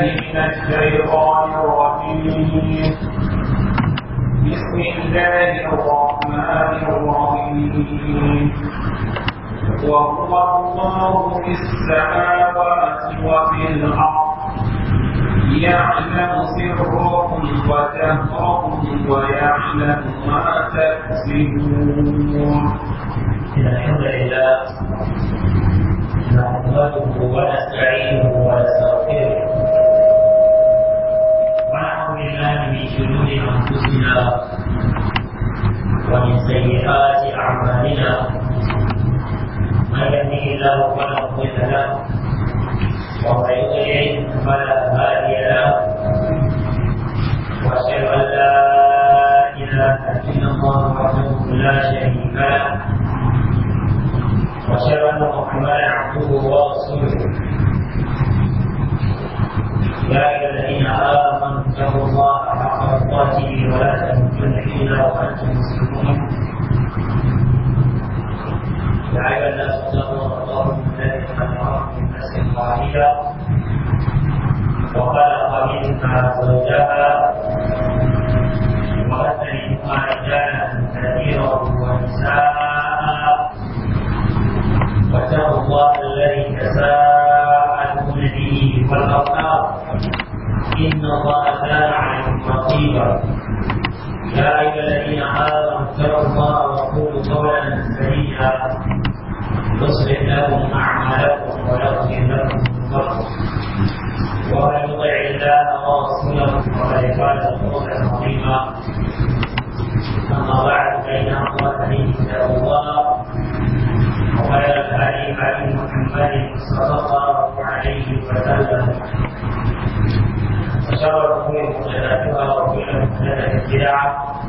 من الشيطان الرجيم بسم وهو الله في السماوات وفي الأرض يعلم سرهم وجهرهم ويعلم ما تكسبون إن الحمد لله نحمده ونستعينه ونستغفره أنفسنا ومن سيئات أعمالنا من يهديه الله فلا مضل له ومن يضلل فلا هادي له وأشهد أن لا إله إلا الله وحده لا شريك له وأشهد أن محمدا عبده ورسوله يا أيها الذين آمنوا اتقوا الله حق ولا تموتن الا وانتم مسلمون لعل ايها الناس اتقوا ربكم الذي خلقكم من نفس واحده وخلق منها زوجها وبث منهما رجالا كثيرا ونساء واتقوا الله الذي تساءلون به والارحام إن الله كان عليكم رقيبا يا أيها الذين آمنوا اتقوا الله وقولوا قولا سديدا يصلح لكم أعمالكم ويغفر لكم ذنوبكم ومن يطع الله ورسوله فقد فاز فوزا عظيما أما بعد فإن أقوى الحديث كتاب الله وخير الهدي هدي محمد صلى الله عليه وسلم وشر الأمور محدثاتها وكل محدثة بدعة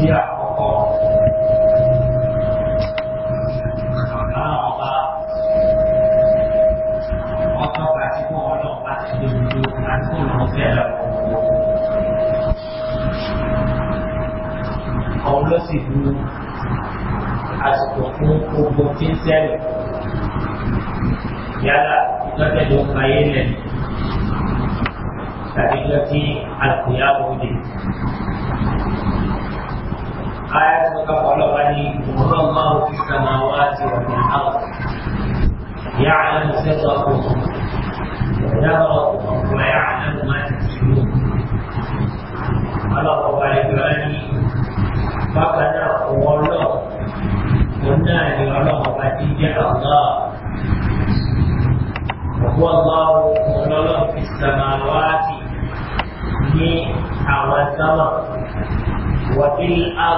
tíra àkọ́kọ́. Àwọn ọba ọkọ̀ bá ti kó ọlọ́pàá ti di òdodo àti kó lọ́wọ́ fẹ́ lọ. Ọ̀hún ló sì lu àsìkò fún ogun tí ń sẹ́lẹ̀. Yálà ìtọ́jú ló ń fa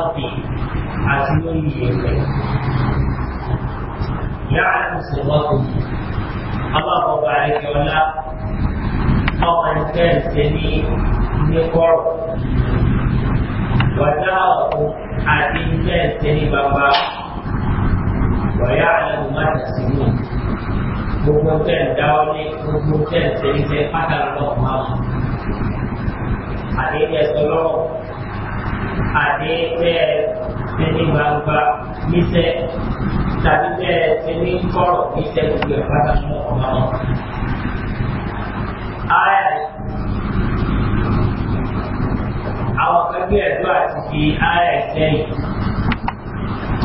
الأرض عتيوني يعلم سركم الله عليك ولا فقد كان سني نقر وداره عتيم كان سني بابا ويعلم ما تكسبون gbogbo tẹ ń dáwọ́ ní gbogbo tẹ ń ṣe ní sẹ pátá lọ́wọ́ máa àdéhùn ẹsẹ lọ́wọ́ àti bẹ́ẹ̀ ṣe ní gbangba níṣẹ́ tàbí bẹ́ẹ̀ ṣe ní kọ̀rọ̀ níṣẹ́ gbogbo ẹ̀ pátá mọ́ ọmọ wọn. Ayà àwọn kan gbé ẹ̀dọ́ àti fi ayà ìsẹ́yìn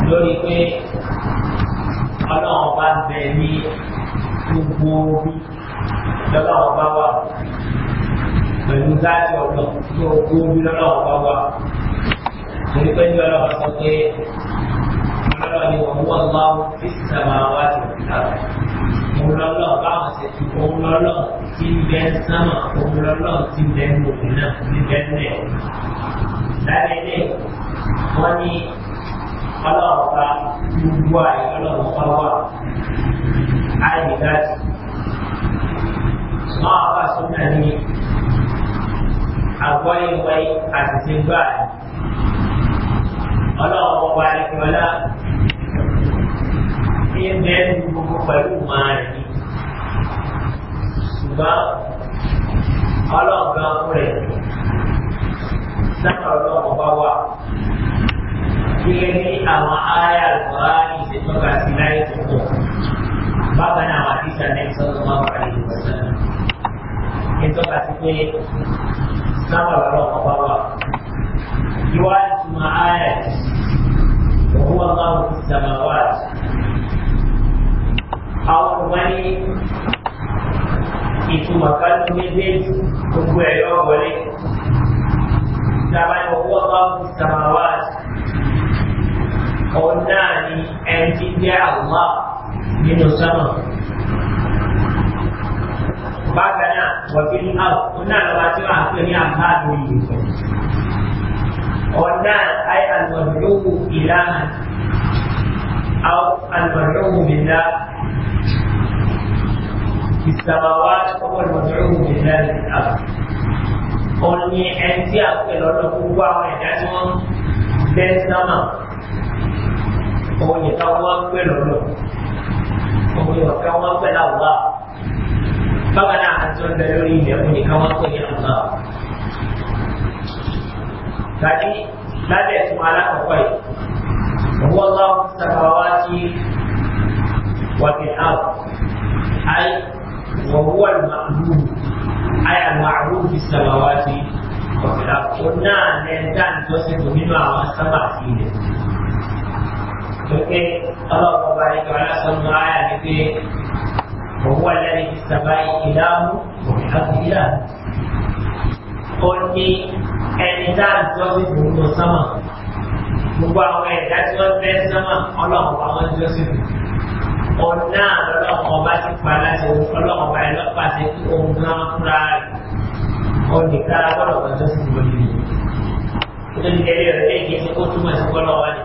lórí pé ọlọ́run bá ń bẹ ní gbogbo orí lọ́lọ́run bá wà pẹ̀lú dájú ọ̀dọ́ ní gbogbo orí lọ́lọ́run bá torí pé ní ọlọ́run sọ pé ọlọ́run ni wọ́n wọ́n lọ́ fi sàmà wá sí òkúta òun lọ́lọ́ báwọn ṣe ti òun lọ́lọ́ tí ń bẹ́ sámà òun lọ́lọ́ tí ń bẹ́ lòdì àgbáyé wáyé àti ti gbáà ọlọ́run ọba àdìgbọ́lá ní mẹ́rin gbogbo pẹ̀lú màá yìí ṣùgbọ́n ọlọ́ọ̀gá rẹ̀ sábà ọlọ́run ọba wà gẹ́gẹ́ bí àwọn ará àgbà ìṣèjọba sí láyé tó pọ̀ bákan náà àwọn àdìsá náà sọ́dọ̀ máa wà ní ìwọ̀sán ìjọba sí pé sábà ọlọ́run wà ثم آيات وهو الله في السماوات أو من ìtumọ̀ ká ní méjèèjì gbogbo ẹ̀yọ́ wọlé dábàá ìwọ̀wọ́ ọlọ́run samawati òun náà ni ẹni tí jẹ́ àwùmá nínú sánà bákan náà wọ́n fi ní àwọn òun náà lọ́wọ́ tí wọ́n á pè ní àbá lórí ìfẹ́. والناس أي المدعو إلها أو المدعو بالله في السماوات هو المدعو بالله في الأرض Oni ẹni tí a pè lọ́dọ̀ gbogbo àwọn ẹ̀dá tí wọ́n bẹ́ sánmà, òun nìkan wọ́n pè lọ́dọ̀, òun nìkan wọ́n pè láwùrá. Bákan náà, àti ọ̀dọ̀ lórí ilẹ̀ òun nìkan wọ́n pè ní tàbí lábẹ́ ìtumọ̀ alákọ̀ọ́kọ́ yìí òwò ọlọ́run sàkàwáàtì wàbíhàn àì وهو المعلوم أي المعلوم في السماوات وفي الأرض قلنا نندان توسط منه أو السماء فيه لكن الله تبارك وتعالى صلى آية فيه وهو الذي في السماء إله وفي الأرض إله قل ẹni tá a jọ sí fún tó sánmà gbogbo àwọn ẹ̀dá tí wọ́n fẹ́ sánmà ọlọ́run bá wọn jọ sí fún ọ̀nà ọlọ́run ọba ti pa láti ọlọ́run ọba ẹ̀ lọ́pàá sí ohun náà fúnra rẹ̀ ọ̀nì kára bọ́lọ̀ wọn jọ sí fún olùdí. nítorí kẹ́lẹ́ rẹ̀ lẹ́yìn kí kó túmọ̀ sí kọ́lọ́ wa ni.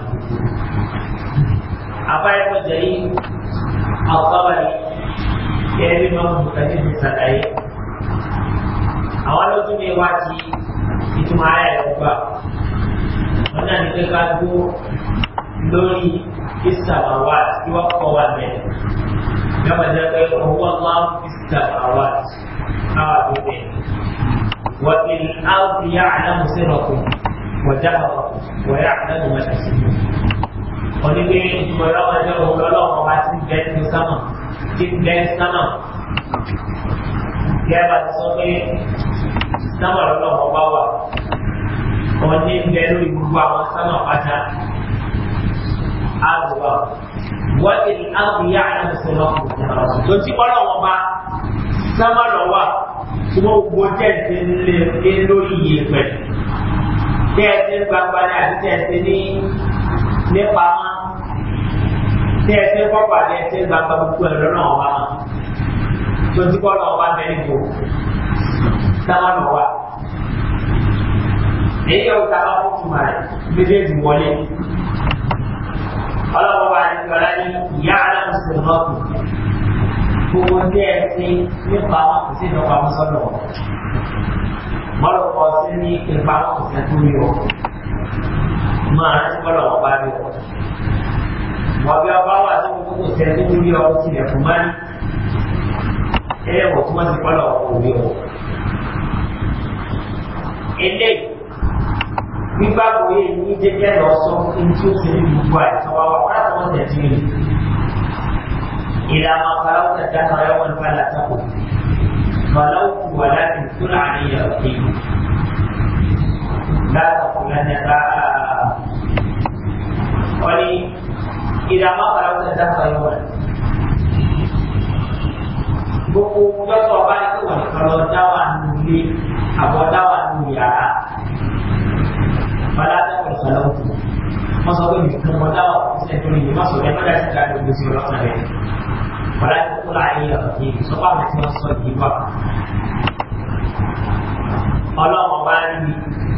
àbáyé jẹ́ yí àwòkáwárí kẹ́lẹ́ bí wọ́n mú kàdé àwọn lójú mi wá ti ìtumọ̀ ara ẹ̀ gbà wọn náà ní pé ká dúró lórí ìsàmáwá tí wọ́n kọ́ wa mẹ́rin yọba jẹ́ pé owó máa ń fi ìsàmáwá káwà tó bẹ̀ wọ́n ti láwùjọ yá àdámù sínú ọkùnrin wọ́n já ọkùnrin wọ́n yá àdámù mẹ́ta sí i wọ́n ní pé ìtumọ̀ yọba jẹ́ òun lọ́lọ́wọ́ wa ti bẹ́ẹ̀ ní sámà ti bẹ́ẹ̀ sámà. Gẹ́gẹ́ bá ti sọ pé sábà lọ́wọ́ bá wà wọ́n ní ń bẹ lórí gbogbo pátá àgbà wọ́n ti ní àgbéyà àyàmùsọ̀ tó ti kọ́ lọ́wọ́ bá wọ́n iye pẹ̀ tẹ̀sí gbangba ní àti tẹ̀sí ní nípa tẹ̀sí kọ́kọ́ àti tẹ̀sí gbangba gbogbo ẹ̀rọ náà wà tó ti kọ́ lọ́wọ́ bá bẹ́ẹ̀ sábà nọ wa èyí yóò ta bá tuma rẹ méjèèjì wọlé ọlọ́wọ́ bá ní ìgbàlá ní ìyá aláàmùsùn náà kù gbogbo ní ẹ̀sìn nípa àwọn kò sí ìdọ́gba mọ́sọ́dọ̀ bọ́lọ̀ kọ sí ní ipa àwọn kò sí tó yọ máa rántí bọ́lọ̀ wọn bá rí ọ wọ́n bí ọba wà tó gbogbo kò tó yọ tilẹ̀kùn máa ń ẹ̀wọ̀ tó wọ́n ti bọ́lọ̀ wọn kò rí ọ eléyìí gbígbàgbọ́ yìí ní jẹ́jẹ́ lọ sọ fún tí ó ti ní gbogbo àìsàn wa wà wọ́n àtọ́wọ́ tẹ̀sí rẹ̀ ìlànà àpárá tẹ̀sí àtàwọn ẹ̀wọ̀n nípa làtàkùn ولو ولكن كل علي رقيب لا تقولن باء ولي إذا ما قرأت ذاك يوما gbogbo lọ́sọ̀ ọba ní kí wọ́n nìkan lọ dá wà nílé àbọ̀dáwà nínú yàrá fọláṣẹ́ kò sọ̀rọ̀ òkú wọ́n sọ pé nìkan bọ̀dáwà kò sí ẹ̀dùn yìí wọ́n sọ pé mọ́tà sí ìdájọ́ ìlú sí ọlọ́sàn rẹ̀ fọláṣẹ́ kò láàyè ọ̀rọ̀ yìí sọ́pà àwọn tí wọ́n sọ yìí wà. ọlọ́run bá ní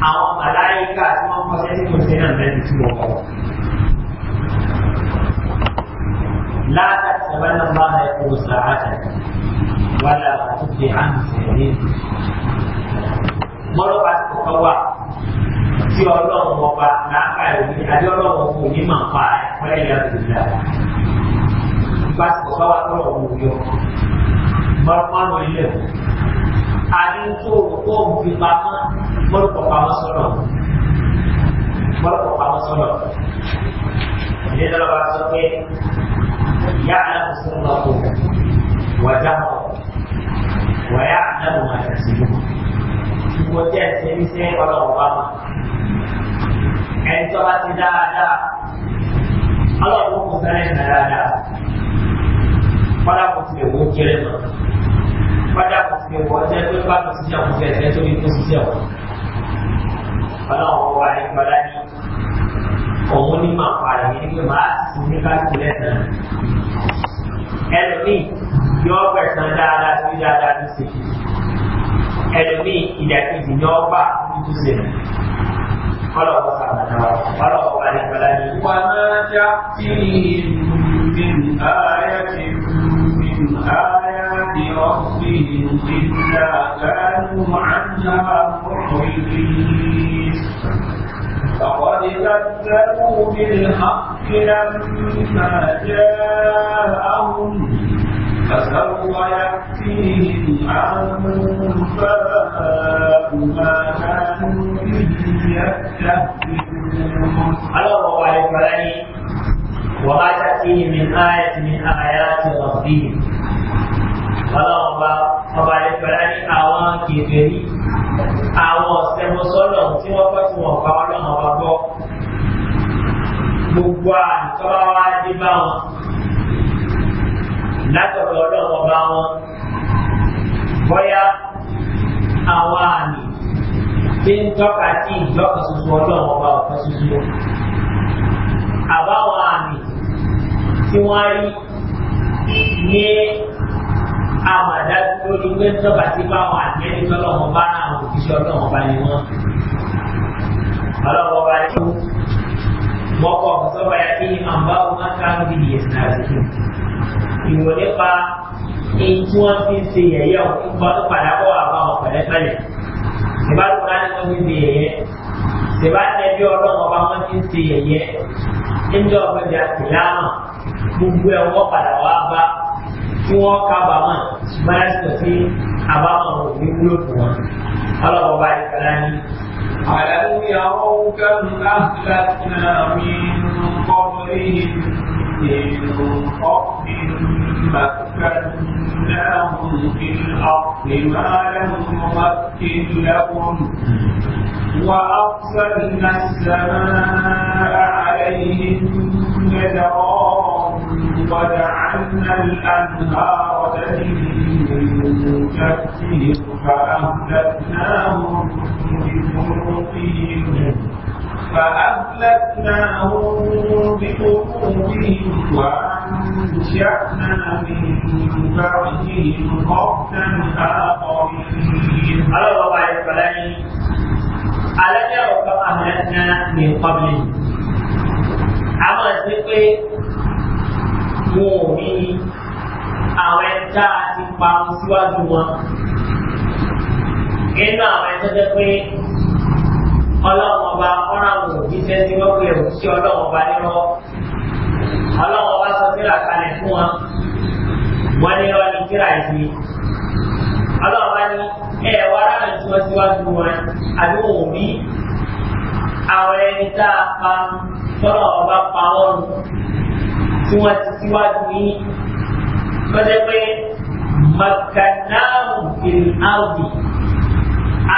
àwọn màláyíkà tí wọ́n kọ́ sẹ́sì kò sí náà mẹ́rin tí wọ́n kọ́. láàtà tẹ̀wọ́n náà bá mọ́lọ́pàá ti kọ́kọ́ wà tí ọlọ́run ọba làákà ìwé àti ọlọ́run ọkùnrin ní màá pa ẹ̀kọ́lẹ̀ ìyá tó dà. Bá ti kọ́kọ́ wà tọ́lọ̀ ọ̀hún yọ. Mọ́lọ́pàá lọ ilé ẹ̀. Àní tó òkú òun fi pamọ́ mọ́lọ́pàá pamọ́ sọ́lọ̀. Mọ́lọ́pàá pamọ́ sọ́lọ̀. Ilé lọ́ba sọ pé ìyá àlọ́ sọ́lọ́ kò wọ́jà mọ́ wọ́yà àlọ́ mọ́ àtàkùn ìwọ́jẹ́ ìṣẹ́níṣẹ́ ọlọ́run bá mọ̀. ẹni tó bá ti dáadáa ọlọ́run kò sẹ́lẹ̀ ní dáadáa kọ́dà kò tilẹ̀ wọ́n kéré mọ́ kọ́dà kò tilẹ̀ wọ́n jẹ́ pé bá kò síjà kò fẹ́ ẹ̀sẹ̀ tó ní kó síjà wọ́n. ọlọ́run wà ní gbọ́dá ní òun ní màá pa àyè ní pé màá sì ní ká sílẹ̀ náà. ẹlòmíì yọ ọgbẹ̀sán dáadáa sí dáadáa ní sèkìtì ẹlòmíì ìdàkejì ní ọgbà tuntun sí i. Kọ́lọ̀ ọ̀pọ̀ sàmàdà wa, kọ́lọ̀ ọ̀pọ̀ àdìgbàlá ni. Wà máa já sí min ayatin min ayati ọ̀sìn ìlà kánú àjà mọ̀ọ́yìn. فقد كذبوا بالحق لما جاءهم فسوف يأتيهم أنباء ما كانوا به يستهزئون على الله عليه وما تأتيهم من آية من آيات ربهم ọlọ́run bá ọba àlefẹ́lá ní àwọn kèfèrí àwọn ọ̀sẹ̀mọsọ́lọ̀ tí wọ́n kọ́ tí wọ́n pa ọlọ́run ọba gbọ́ gbogbo àtọ́wá dé bá wọn látọ̀dọ̀ ọlọ́run ọba wọn bóyá àwọn àmì tí ń tọ́ka sí ìjọba tuntun ọlọ́run ọba ọ̀kan tuntun àbáwọn àmì tí wọ́n rí ní àmàdájú lórí pé ń tọ́ka sí báwọn àmì tọ́lọ́wọ́n bá àwọn òṣìṣẹ́ ọlọ́run ọba ni wọ́n ọlọ́run ọba ni wọ́n kọ́ ọ̀sọ́ba yá kí ni àbáwọn máa ń ká ìyẹn náà ìwò nípa èyí tí wọ́n fi ń ṣe yẹ̀yẹ́ òkúńgbọ́n tó padà bọ̀ àwọn ọmọ pẹ̀lẹ́pẹ̀lẹ́ ìbálòpọ̀ láti wọ́n fi ń ṣe yẹ̀yẹ́ ìbáṣẹ bí ọlọ́run ọba wọn ti ń ṣe yẹ̀yẹ́ níjọ́ ọ̀gbẹ́dẹ àtìláàmà gbogbo ẹ̀ wọ́n padà wá bá tí wọ́n kábàámọ̀ máa sọ sí àbámọ̀ òní fún wọn ọlọ́run من رب مكناهم في الأرض ما لم نمكن لهم وأرسلنا السماء عليهم مدرارا وجعلنا الأنهار تجري من تحتهم فأهلكناهم بذنوبهم فأهلكناهم بقلوبهم وأنشأنا من بعدهم قرنا آخرين على الله الفلاني على جرب أهلكنا من قبل àwọn ẹ̀sìn pé wọn ò ní àwọn ẹ̀dá ti parun síwájú wọn nínú àwọn ẹ̀sìn pé ọlọ́run ọba ọ̀rọ̀ àwọn òjíṣẹ́ tí wọ́n pè wọ́n sí ọlọ́run ọba nírọ́ ọlọ́run ọba sọ síra kalẹ̀ fún wọn ni, ní lọ́wọ́ ní síra ìdí ọlọ́run ọba ní ẹ̀ wá láàrín tí wọ́n síwájú wọn àbí wọn ò rí àwọn ẹni tá a pa tọ́lọ̀ ọba pa wọ́n tí wọ́n ti síwájú yín lọ́jọ́ pé makanáàrùn ìrìn áwùjì a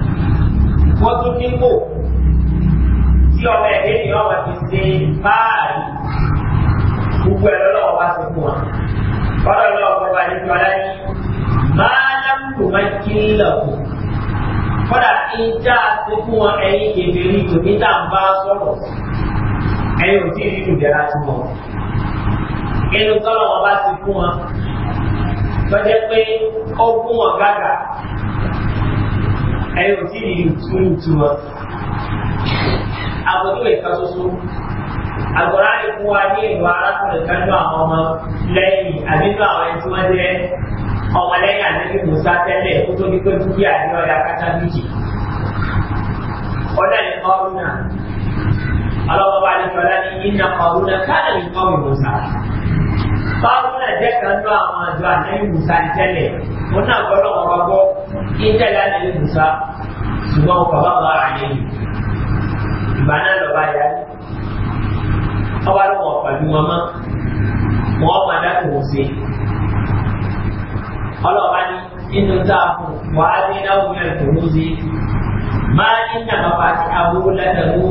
wọ́n tún nípò tí ọmọ ẹ̀dẹ́ ni ọmọ ti ṣe báàlì gbogbo ẹ̀rọ lọ́wọ́ bá ti fún wa ọ̀rọ̀ lọ́wọ́ bá bá nípa láyé máa lámùkù máa kí ń lọ kù kọ́dà kí ń já sí fún wọn ẹ̀yìn kèbèrè tòmí tá à ń bá sọ̀rọ̀ ẹ̀yìn ò tí ì rí ìdẹ̀ra tí wọn. inú tọ́lọ̀ wọn bá ti fún wọn tọ́jẹ́ pé ó gún wọn gàgà ẹ̀yìn ò tí ì rí túrú tiwọn. àbọ̀dún ìka soso àgbọ̀rá ikú wa ní ìwà arákùnrin kan ní àwọn ọmọ lẹ́yìn àbíkú àwọn ẹni tí wọ́n jẹ́ ọmọlẹ́yìn àdébí musa tẹ́lẹ̀ kó tó ní pé dúkìá ní ọ̀dà kátà méjì. ọ̀dà ní ọ̀rùn náà ọlọ́wọ́ bá ní sọ́dá ní iná ọ̀rùn náà káàdà ní ọ̀rùn musa. báwo náà jẹ́ kan ní àwọn àjọ àdébí musa tẹ́lẹ̀ ó náà gbọ́dọ̀ wọn bá gbọ́ ìjà láti lè musa ṣùgbọ́n ọkọ̀ bá bá àyè mi ìgbà náà lọ bá yá ọba ló wọ̀ pẹ̀lú wọn mọ́ wọn máa dákò wọn sí ọlọ́ọ̀bá ní inú táàbù wàá ní náwó yẹn kò ní sí máa ní nàbà pàtí abúrú lẹ́tẹ̀mú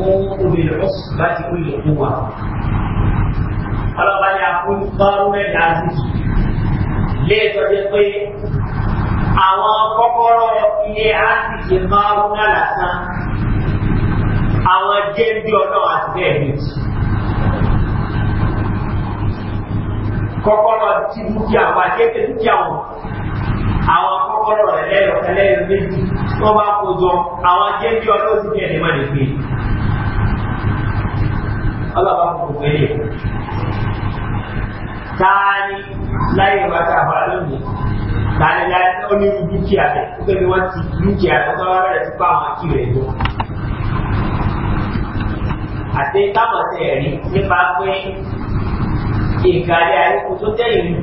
obìnrin ọ̀sùn bá ti kú ìlú wa ọlọ́ọ̀bá ní akóyí fọ́ọ̀rù mẹ́ta sí léètọ́ pé àwọn kọ́kọ́rọ́ ilé áṣìṣe márùn-ún náà lásán àwọn jẹ́ndé ọlọ́run àti bẹ́ẹ̀ méjì. kọ́kọ́rọ́ ti dúkìá wa jẹ́pẹ̀ dúkìá wọn àwọn kọ́kọ́rọ́ rẹ̀ lẹ́yọ̀ ẹlẹ́yọ̀ méjì wọ́n bá kó jọ àwọn jẹ́ndé ọlọ́run ti bẹ́ẹ̀ lẹ́mọ̀ lè gbé. ọlọ́ba kò gbé táà ní láyé wa tá a tare da ya ɗauni dukiya ne kuka yi wanci dukiya da kuma wani da su ba ma kiwo ya zo àti táwọn ṣe ẹ̀rí nípa pé ìkàlẹ̀ àríkù tó jẹ́ ìlú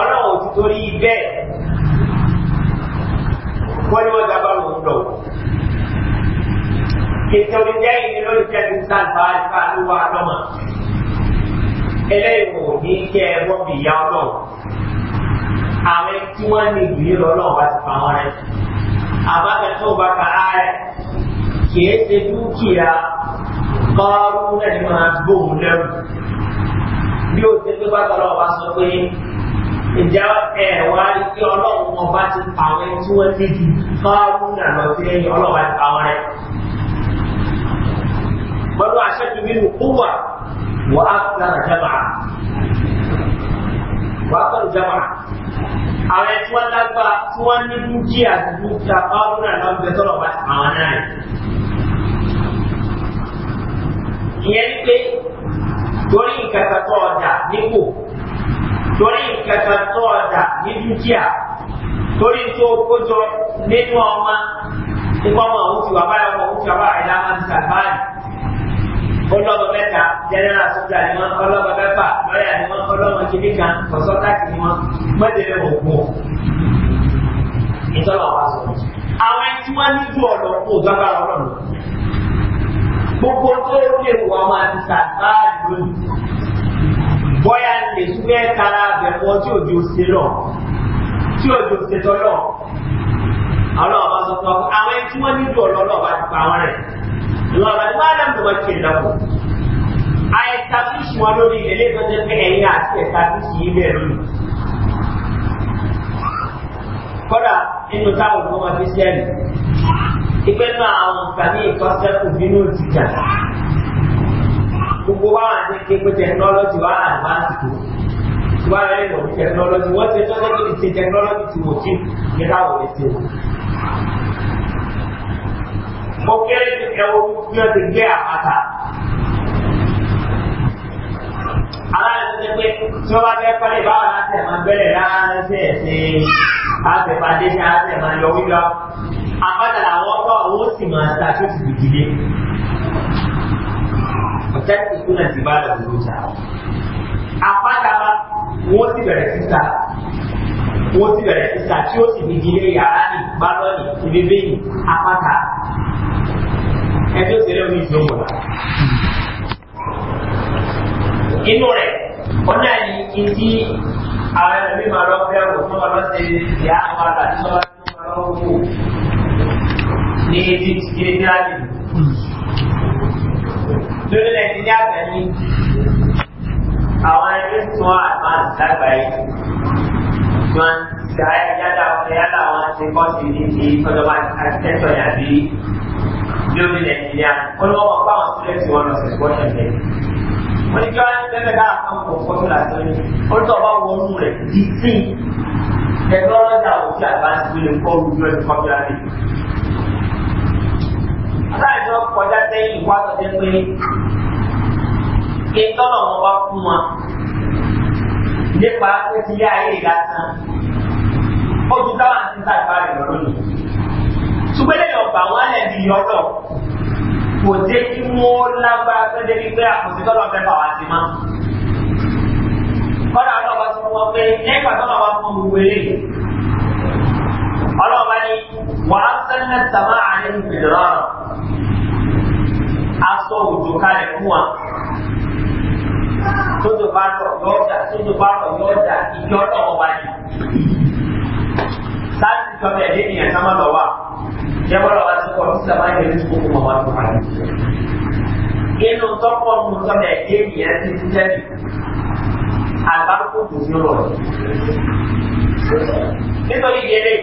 ọlọ́run ti torí bẹ́ẹ̀ wọ́n ní wọ́n dábàá lòun lọ. ètò ìjẹ́ ìlú lórí jẹ́bi sáàbà ìfà ló wà lọ́mọ. eléyìí kò ní kẹ́ ẹ wọ́n bì yá ọlọ́run tí wọ́n ní ìgbìyànjú ọlọ́run bá ti pa wọ́n àbájá tó bá ka ààrẹ kìí ṣe dúkìá kọ́ọ́rù náà ni máa gbóhùn lẹ́rù. bí o ṣe tó bá ka ọlọ́run bá sọ pé ìjà ẹ̀ wá rí kí ọlọ́run wọn bá ti pa wọ́n tí wọ́n ti di kọ́ọ́rù náà lọ sí ẹ̀yìn ọlọ́run bá ti pa wọ́n pẹ̀lú àṣẹ tùmínú kúwà wọ́n á fi lára jẹ́ wọ́n á fẹ́ àwọn ẹni tí wọ́n lágbá tí wọ́n ní dúkìá dúkìá ọdún náà lọ́n bẹ tọ́lọ̀ bá àwọn náà yìí. ìyẹn ni pé torí ìkẹta tó ọjà nípò torí ìkẹta tó ọjà ní dúkìá torí tó kójọ nínú ọmọ nípa ọmọ òun ti wà báyọ̀ ọmọ òun ti wà báyọ̀ ẹ̀dá ọlọ́mọ mẹ́ta jẹ́nẹ́rà sọ́jà ni wọ́n ọlọ́mọ mẹ́fà lọ́yà ni wọ́n ọlọ́mọ kìíní kan kọ̀sọ́tàkì ni wọ́n mọ́tẹ́lẹ̀ òkú ìtọ́lọ̀ wa sọ. àwọn ẹni tí wọ́n ní ju ọ̀dọ̀ kó gbàgbà ọlọ́run gbogbo tó lè wọ́n máa ti sàgbà lónìí bọ́yá ni èso bẹ́ẹ̀ tara àbẹ̀fọ́ tí òjò ṣe lọ tí òjò ṣe tọ́lọ̀ ọlọ́ọ̀bá sọ fún ọ àwọn ẹni tí wọ́n ní ju ọ̀dọ̀ ọlọ́ọ̀bá ti pa wọn rẹ̀ lọ́rọ̀ má lẹ́m tó wọ́n ti lọ́wọ́ a establish wọn lórí ilé tó jẹ́ pé ẹ̀yìn àti establish yìí bẹ̀rù ni kọ́dà nínú táwọn ọmọ ti sẹ́ẹ̀lì ìpẹ́ náà àwọn ìgbàmí ìkọ́sẹ́kù nínú ìtìjà gbogbo wa wà ní kékeré technology wa advance tó wa rẹ̀ lọ technology wọ́n ti tọ́jú ti technology ti wò tí wò lè ṣe wò ó kéré ju ẹwọ bí wọn ti gbé àpáta. aláàlú ti pé tí wọn bá fẹ́ pálí báwọn láti ẹ̀ máa bẹ̀rẹ̀ láti ẹ̀ ṣe àtẹ̀pàdé ṣe àti ẹ̀ máa yọ wíwá. àpáta làwọn bá owó sì máa ta tó ti dìde. ọ̀tẹ́ ìkúnà ti bá lọ dúró ta. àpáta wọ́n ti bẹ̀rẹ̀ síta wọ́n ti bẹ̀rẹ̀ síta tí ó sì fi di ilé yàrá ní balọ̀ ní ibi bẹ́ẹ̀ ní apáta ẹni ó tẹ̀lé omi ìjọ mọ̀ náà. inú rẹ̀ wọ́n náà ní ìdí àwọn ẹlẹ́mí máa lọ fẹ́ wò tó máa lọ sí ìyá àwọn àgbà tí wọ́n bá tó máa lọ wò ní etí ti di láti. lórí nàìjíríà gbẹ̀mí àwọn ẹgbẹ́ tí wọ́n advance lágbàáyé tí wọ́n ti ayé yálà wọn ti kọ́ sí ní ti tọ́jọba àtẹ́tọ̀ yàbí building engineer wọ́n ní wọ́n máa bá àwọn students wọn lọ sí sports and play. wọ́n ní kí wọ́n á ní pẹ́pẹ́ dára fún àwọn fọ́tò lásán ní wọ́n tó bá wọ inú rẹ̀ di sí technology àwọn tí advanced wey dey call ojú ẹni popular day. Àtàlẹ́ tí wọ́n kọjá sẹ́yìn ìwà tó dé pé ìtọ́nà wọn bá fún wa nípa pé ti yá ayé ìlàsàn. Ó ti táwọn àti ń tàgbà rẹ̀ lọ́dún yìí ṣùgbọ́n lẹ́yìn ọgbà wọn lẹ̀ bí ọlọ́ kò jẹ́ kí wọ́n lágbára tó débi pé àkùsí tọ́lọ̀ fẹ́ bà wá sí ma. kọ́dà ọlọ́ba sọ wọn pé nígbà tọ́lọ̀ bá fún gbogbo eré ọlọ́ba ni wàá sẹ́lẹ̀ sàmà àlẹ́ ìfẹ̀dọ̀rọ̀ aṣọ òjò kalẹ̀ fún wa tójú bá tọ̀ yọ̀ọ̀dà tójú bá tọ̀ yọ̀ọ̀dà ìjọ́ náà wáyé sáàtì tọ́mọ ẹ̀dẹ́ ènìyàn sámá lọ wà yẹ bọ́lá wa sí kọ́ sísè máa ń yẹ ní sukùkù mọ́ wọn fún àyè. inú tọ́pọ̀ nù tọ́mọ ẹ̀dẹ́ ènìyàn ti ti tẹ́lẹ̀ àgbákò kò sí rọ̀ nítorí yẹlé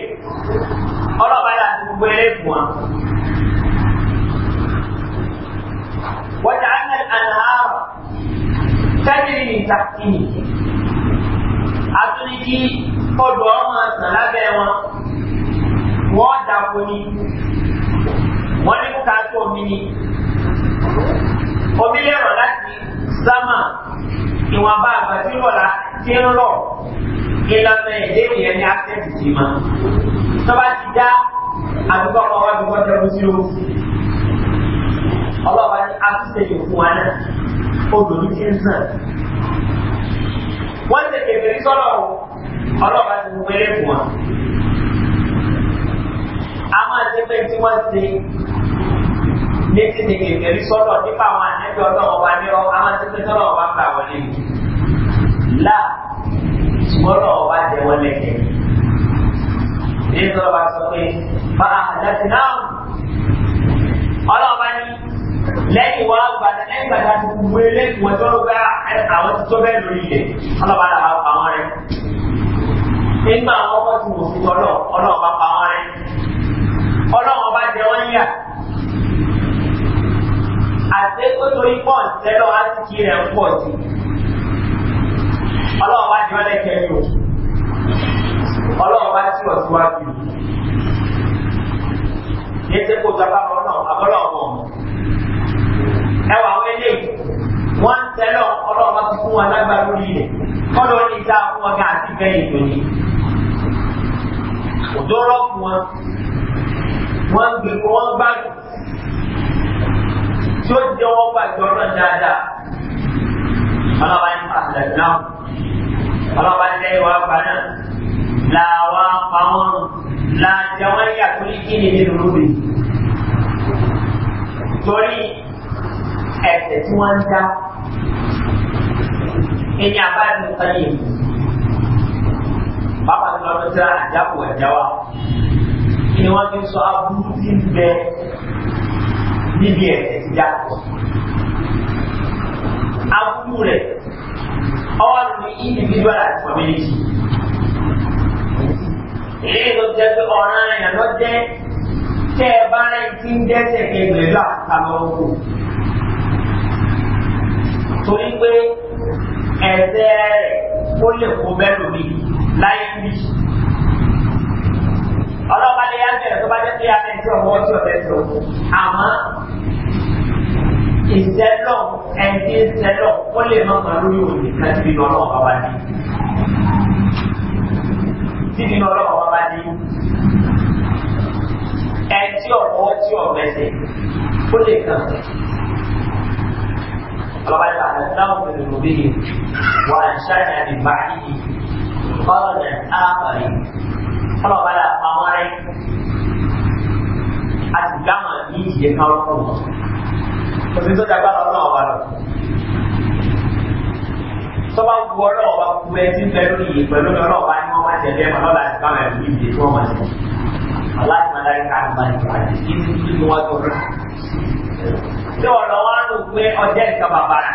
ọlọ́ba yà ti gbogbo ẹlẹ́ fún wa. wọ́n ti àná àlàárọ̀ tẹ́lẹ̀ ní ìtàkì àtúndì ọdọ ọmọ sàn lábẹ́ wọn wọ́n dàpọ̀ ni wọ́n ní ká tó omi ni omi lẹ́rọ láti sámà ìwọ̀nba àgbàdìrọ̀lá tí ń rọ̀ ìlànà ìdéhùn yẹn ní access sí ma tọ́ba ti dá àdúgbò ọmọ wa dùgbọ́ tẹ́lú sí o ọlọ́ba ní àtúnṣe yìí fún wa náà odò ní ti ń sàn wọ́n ti kẹfẹ́ sọ́lọ́ o ọlọ́ọ̀bá ti mú eré fún wa. a máa ṣe pé tí wọ́n ṣe ní ti ní kékeré sọ́dọ̀ nípa àwọn àjẹjọ́ ọlọ́wọ́ wa ní ọ a máa ṣe pé tọ́lọ̀ wa gbà wọlé mi. là ṣùgbọ́n ọlọ́wọ́ wa jẹ wọ́n lẹ́kẹ̀. ní sọ́dọ̀ wa sọ pé fa àdáṣe náà ọlọ́ọ̀bá ní lẹ́yìn wa gbàdá lẹ́yìn gbàdá ti wú eré fún ọjọ́ àwọn ti tó bẹ́ẹ̀ lórí ilẹ̀ ọlọ́ọ̀bá nítorí pọ̀ tẹ́lọ àtìkí rẹ̀ pọ̀ sí ọlọ́run bá jọ ní o ọlọ́run tí wọ́n síwájú ní ẹsẹ̀ kó jọba kan náà àbọ̀lọ̀ wọn ẹwà àwọn eléyìí wọ́n ń tẹ́lọ ọlọ́run ti fún wọn lágbára lórí rẹ̀ kọ́lọ́ ní ìta fún wọn ká àti ìfẹ́ ètò ni òjò rọ́ọ̀kù wọn wọ́n ń gbé wọn gbádùn tó jẹ́wọ́ gbàgbọ́ náà dáadáa ọlọ́ba ní pàṣẹ náà ọlọ́ba ní ẹ̀yìn wàá gbà náà làwa pàwọn làjà wọn yà tó ní kí ni nínú rúbi torí ẹ̀sẹ̀ tí wọ́n ń dá ẹni àbáyé nǹkan yìí bàbá tó lọ́dún tí wọ́n àjáwò ẹ̀jáwá kí ni wọ́n fi sọ abúlé bẹ́ẹ̀ níbi ẹ̀sẹ̀ ti dá. Aburú rẹ̀ ọwọ́ individual àti community. Ilé ló jẹ́ pé ọ̀ràn ẹ̀yàn ló jẹ́ tẹ́ ẹ bá rẹ̀ ti ń dẹ́sẹ̀ kẹgbẹ̀rẹ̀ lọ àtàlọ́ òkú. Torí pé ẹ̀sẹ̀ rẹ̀ ó lè kó bẹ́ẹ̀ lómi láyé bíi ọlọ́ba lè yàn bẹ̀rẹ̀ tó bá jẹ́ pé a fẹ́ tí ọwọ́ tí ọ̀fẹ́ tó àmọ́ ìṣẹ́lọ̀ ẹ̀dí ìṣẹ́lọ̀ ó lè má pa lórí òní kan tí ìnà ọlọ́wọ́ bá dé tí ìnà ọlọ́wọ́ bá dé ẹ̀dí ọ̀wọ́ tí ọ̀mẹ́sẹ̀ ó lè kàn ọlọ́ba lè bàtà dáhùn pẹ̀lú òbí wà ń ìbáyìí ọ̀rọ̀ náà kọ́lọ̀ bá dà pa wọ́n rẹ̀ a sì dáhùn ní ìyẹn kan rọ́pò wọn kò sí tó dàgbà lọ́wọ́ ọba lọ. tọ́ba wu ọlọ́wọ́ ọba kú ẹ ti bẹ lórí yìí pẹ̀lú ọlọ́wọ́ ọba ni wọ́n máa jẹ bẹ́ẹ̀ mọ́ lọ́la àti báwọn ẹ̀rù yìí dé tí wọ́n máa jẹ. aláàbí máa dárí ká àgbà ìgbà àti kí ní kí ni wọ́n tó rà. ṣé ọ̀rọ̀ wa ló gbé ọjẹ́ nǹkan bàbá rà?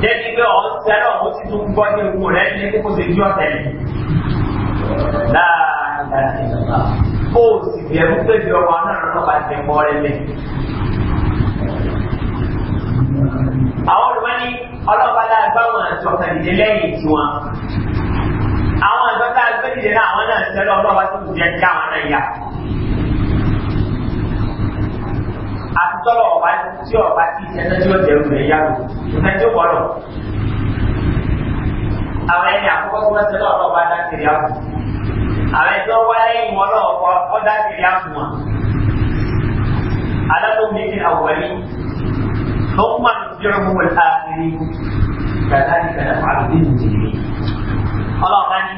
jẹ́ni pé ọ̀ láàárín ìjọba ó sì fi ẹ̀mú pé bí ọmọ náà lọ́ba ti mọ́ ẹlẹ́. àwọn olùmọ́ ní ọlọ́ba láàgbá wọn àjọta dìde lẹ́yìn tiwọn àwọn àjọta agbẹ́dìde náà àwọn náà sẹ́lẹ̀ ọlọ́ba tó kù jẹ́ kí àwọn náà yà. àtúntọ́lọ̀ ọba tí ọba tí ìṣẹ́jọ́ tí ó jẹ́ òun rẹ̀ yá lò ìṣẹ́jọ́ bọ́lọ̀ àwọn ẹni àkọ́kọ́ tí wọ́n sẹ́lẹ̀ ọlọ́ba dá àwọn ẹjọ́ wá lẹ́yìn wọn náà kọ́ ọ́dá ti rí àpò wọn. alábòmí ti àwọ̀lí tó máa ń jẹ́ ọmọ wọn káàkiri gbàdá ti gbàdá fún àdúgbò nìyí. ọlọ́ọ̀ká ní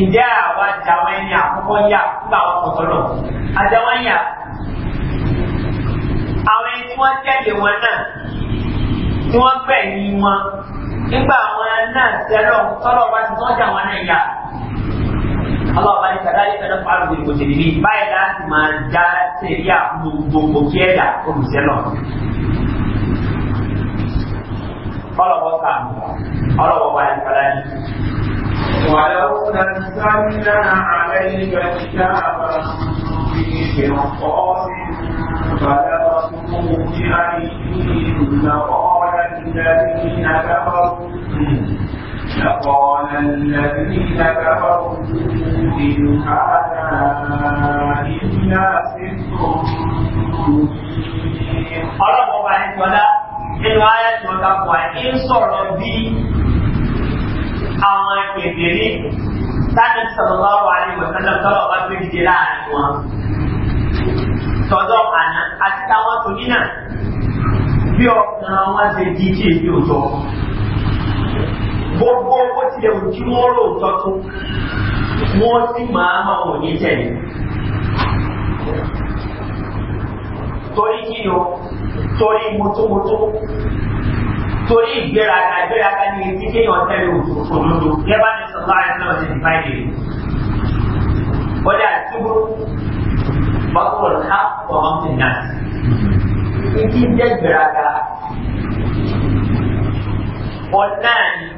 ǹjẹ́ àwa jàwọn ẹni àkọ́kọ́ yà fún àwọn kọ̀ọ̀kan náà àjàwọn yà àwọn ẹni tí wọ́n tẹ̀lé wọn náà tí wọ́n gbẹ̀yìn wọn nígbà àwọn náà tẹ́lọ̀ tọ́lọ̀ bá ti tọ́jà wọn náà yà. Allah bani kadali kada faru bi mujrimi baida ma ja seria bu bu bu kieda oh, o muselo Allah wa ka Allah wa bani kadali wa la nasanna alayka kitaba rabbika wa qawli fa la rasulun bi ayyi فقال الذين كفروا إن هذا إلا سحر ọlọ́pọ̀ ọba ní tọ́lá nínú ayé tí wọ́n ta pọ̀ àìkí ń sọ̀rọ̀ bí àwọn ìgbèrè sáàdì sọ̀rọ̀lọ́wọ́ àríwọ̀sánà tọ́lọ̀ bá gbé dìde láàrin wọn tọ́jọ́ àná àti táwọn tòní náà bí ọkùnrin wọn ṣe di kí èyí gbogbo ó ti lè kí wọ́n lóòótọ́ tó wọ́n sì máa ma wọ̀ ní tẹ̀lé. torí kí ni o torí mutumutu torí ìgbéraga ìgbéraga ni etí kéèyàn tẹ̀lé òdodo yẹ́bá ní sọ̀tọ́ àìsàn ọ̀sẹ̀ ti bá yẹ. wọ́n yà túbú bọ́kùrọ̀ ká ọ̀hún ti nà. Ìdí jẹ́ ìgbéraga. Ọ̀nà ni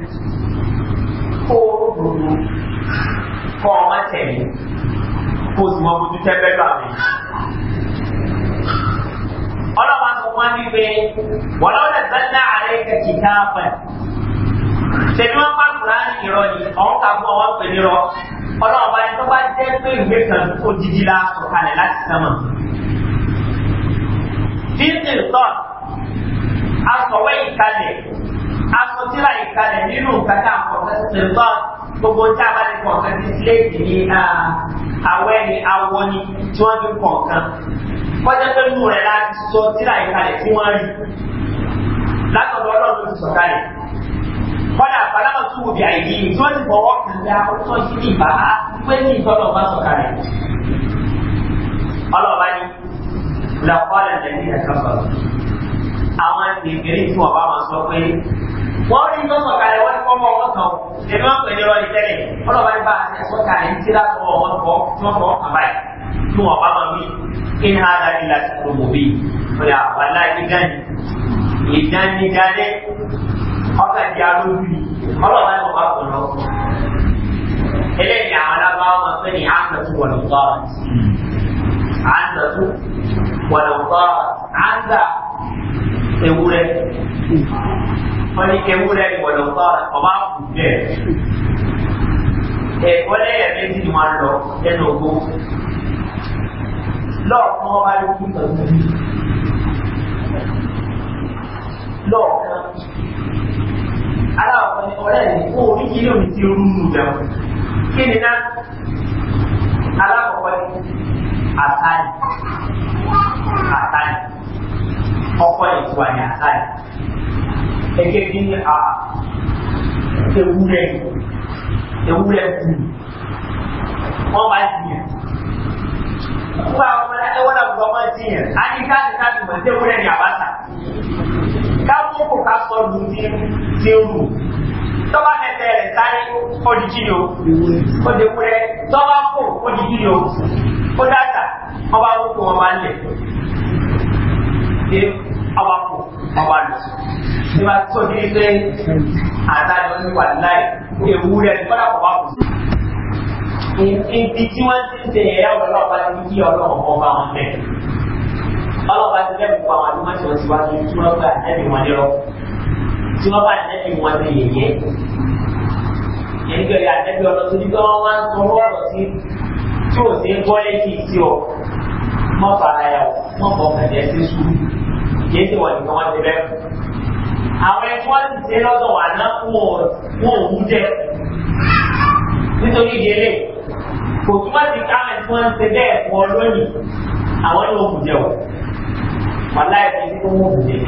kó o kọ́ ọ tẹ̀lé kó sì mọ bójú tẹ́ bẹ́ẹ̀ lọ àmì. ọlọ́wà sọ fún ní pé wọ́n lọ́wọ́ lẹ́sẹ̀ ń kẹ̀kẹ́ káfẹ́. tẹ̀lé wọn bá kúrò ní ìrọ̀ yìí ọ̀hún kà fún ọwọ́ pẹ̀lú ìrọ̀ ọlọ́wọ́ bá tó bá jẹ́ pé ìgbé kan odidi la sọ̀kalẹ̀ láti sẹ́mọ̀. fíìsì sọ asọ̀wé ìkalẹ̀ asọ̀tíra ìkalẹ̀ nínú kàtà àkọ́kọ́ sèpọ̀ gbogbo tá a bá lè kọ̀ọ̀kan sí sílẹ̀tì ní àwẹ́ ni awọ ni tí wọ́n fi kọ̀ọ̀kan kọjá pé nù rẹ̀ láti sọ tíra ìkalẹ̀ tí wọ́n rí látọ̀dọ̀ ọlọ́run ti sọ̀kalẹ̀ kọ́dà àbáláwọ̀ tó wù bí àìdí tí wọ́n ti bọ̀wọ́ kàn dá ọtọ́ sí ní ìbá pé ní ìtọ́lọ̀ bá sọ̀kalẹ̀ ọlọ́ọ̀bá ni làkọ́lẹ̀ lẹ́yìn ẹ̀kọ́ sọ̀rọ̀ àwọn èkèrè tí wọ́n bá wọn sọ pé wọ́n rí nǹkan sọ̀kalẹ̀ wọ́n kọ́ mọ́ wọn kan èmi wọn pèjọ lọ ìtẹ́lẹ̀ wọn lọ́ba nípa àtẹ̀sọ́kalẹ̀ ní tíra tó wọn kọ́ tí wọ́n kọ́ àbáyé tí wọ́n bá wọn wí kí ní hàn láti láti kọ́ bí wọ́n yà wà láti gánì ìdánidálẹ́ ọ̀gá di arúgbó ọlọ́ba ní ọba kọ̀ lọ. eléyìí àwọn alábáwọ̀ máa fẹ́ ní àǹtàtú wọ̀lọ̀gbọ́ àǹtàtú wọ̀lọ̀gbọ́ falikewule gbọ́dọ̀ kọ ọba kùdẹ ẹkọlẹ ẹbí ti wọn lọ ẹnu ogbó lọọkan ọba ló kú pẹ̀lú lọọkan aláwọ ni ọ̀rẹ́ mi kó orí yìí lómi ti rú nù dẹ kí ni náà alákọọkọ ni àtàlì àtàlì ọkọ ìtura ni àtàlì é que ní a ewúrẹ́ ewúrẹ́ kù wọ́n bá jiyàn wọ́n àwọn ọmọdé ẹwọ́n náà gbọ́ wọ́n jiyàn á ní káàdì káàdì mọ̀ ní ewúrẹ́ ní àbáta káàkó kò ká sọ lù ní ní rù tọ́ba tẹ̀tẹ̀ rẹ̀ sáré ọdíjì ni o ọdẹ wúrẹ́ tọ́ba kò ọdíjì ni o ó dáta ọba wọ́n kò wọ́n máa ń lẹ̀ ṣé ọba kò ọba lù ní ma tó ní pé àtàjọ ní wà láì ewu rẹ̀ kọ̀ọ̀bá kò sí. ibi tí wọ́n ti ń tẹ ẹ̀yà ọlọ́ọ̀bá ti kí ọlọ́ọ̀bá ọba wọn bẹ̀. ọlọ́ọ̀bá ti lẹ́nu pa àwọn àdúgbò tí wọ́n ti wá sí tí wọ́n bá ẹ̀ẹ́dì wọn lọ tí wọ́n bá ẹ̀ẹ́dì wọn ti yẹ̀yẹ́. ẹ̀ẹ́dì àtẹ́bí ọlọ́ tó ní pé wọ́n máa ń sọ ọ̀rọ̀ sí tí ò sí gbọ́ sí ọ mọ́ fara yà wọ́n fọkàn àwọn ẹ̀kọ́ ṣe lọ́dọ̀ wà náà wọ́n òun jẹ́ nítorí ìdílé kò túmọ̀ sí káwọn tí wọ́n ń ṣe bẹ́ẹ̀ fún ọ lónìí àwọn ni kù jẹ́ o wọ́n láì fi ní kó kù jẹ́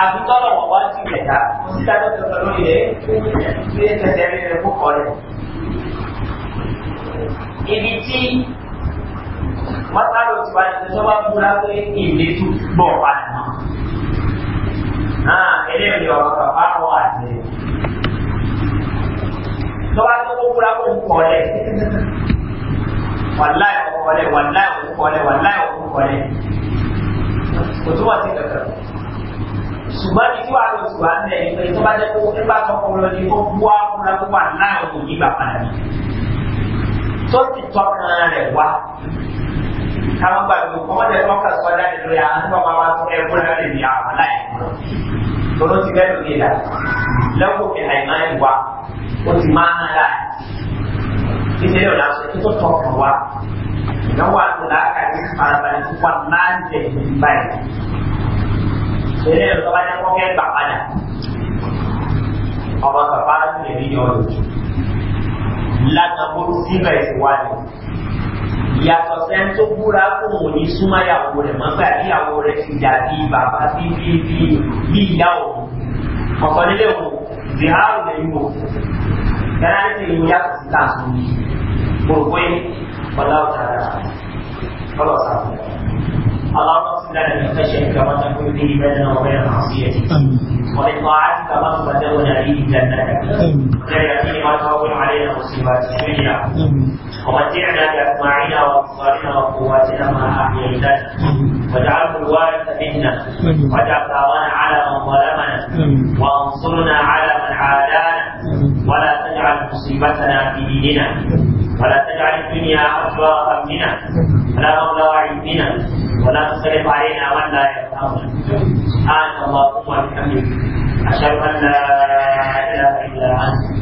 àbíkọ́lọ̀ wọ́n wá sí ìjẹ̀dá kó sí dájọ́ lórí rẹ̀ kí ẹ tẹ̀sẹ̀ rí rẹ̀ fún kọ́lẹ̀. ibi tí wọ́n sáré òtún wa ní sọ́wọ́ fún wa pé ìlétú bọ̀ wà náà eléyìí ọ̀rọ̀ bàbá kọ́ àti rẹ̀. Lọ́wọ́ tó kó kúra kó ń kọ́lẹ̀. Wàláì òun kọ́lẹ̀, wàláì òun kọ́lẹ̀, wàláì òun kọ́lẹ̀. Kò túbọ̀ sí kankan. Ṣùgbọ́n ní tí wàá lọ sí wàá nílẹ̀ nípa tó bá jẹ́ kó ní bá tọ́ kọ́ lọ ní tó bú wá kúra tó wà láì òun ní bàbá rẹ̀. Tó ti tọ́kàn rẹ̀ wá. Káwọn gbàgbé kọ́mọ́tẹ̀ tọ́kà sọ́dá ìlú yà á ń tọ́ tọ́lọ́ ti bẹ́ẹ̀ lóye la lẹ́kọ̀ọ́ fi àìmọ́ ẹ̀ wá ó ti máa ń la ìdílé ọ̀la sọ tó tọ̀ kàn wá ìnáwó àtọ̀lá kàdé farabalẹ̀ tó wà láǹtẹ̀ báyìí ìdílé ọ̀la bá yẹ kó kẹ́ gbà padà ọmọ bàbá rẹ̀ ní ọ̀dọ̀ látàkó síbẹ̀ ìwádìí yàtọ̀ sẹ́ni tó búra kó wò ní súnmáyàwó rẹ̀ mọ́gbà níyàwó rẹ̀ ti dà bí bàbá bí bí bí bí ìyá òun ọ̀kan nílé òun bí a ò lè yíwò yàrá ní ti ìwé yàtọ̀ sí tààtù mi gbogbo yìí ọ̀la ọ̀tara ọ̀la ọ̀tara اللهم اغفر لنا من خشيتك ما تكون به بيننا وبين معصيتك ومن طاعتك ما تبلغنا به جنتك ومن يقين ما تهون علينا مصيبات الدنيا ومتعنا بأسماعنا وأبصارنا وقواتنا ما أحييتنا واجعله الوارث منا واجعل ثارنا على من ظلمنا وانصرنا على من عادانا ولا تجعل مصيبتنا في ديننا ولا تجعل الدنيا أكبر همنا ولا مبلغ علمنا ولا تسلط علينا من لا يرحمنا سبحانك اللهم وبحمدك أشهد أن لا إله إلا أنت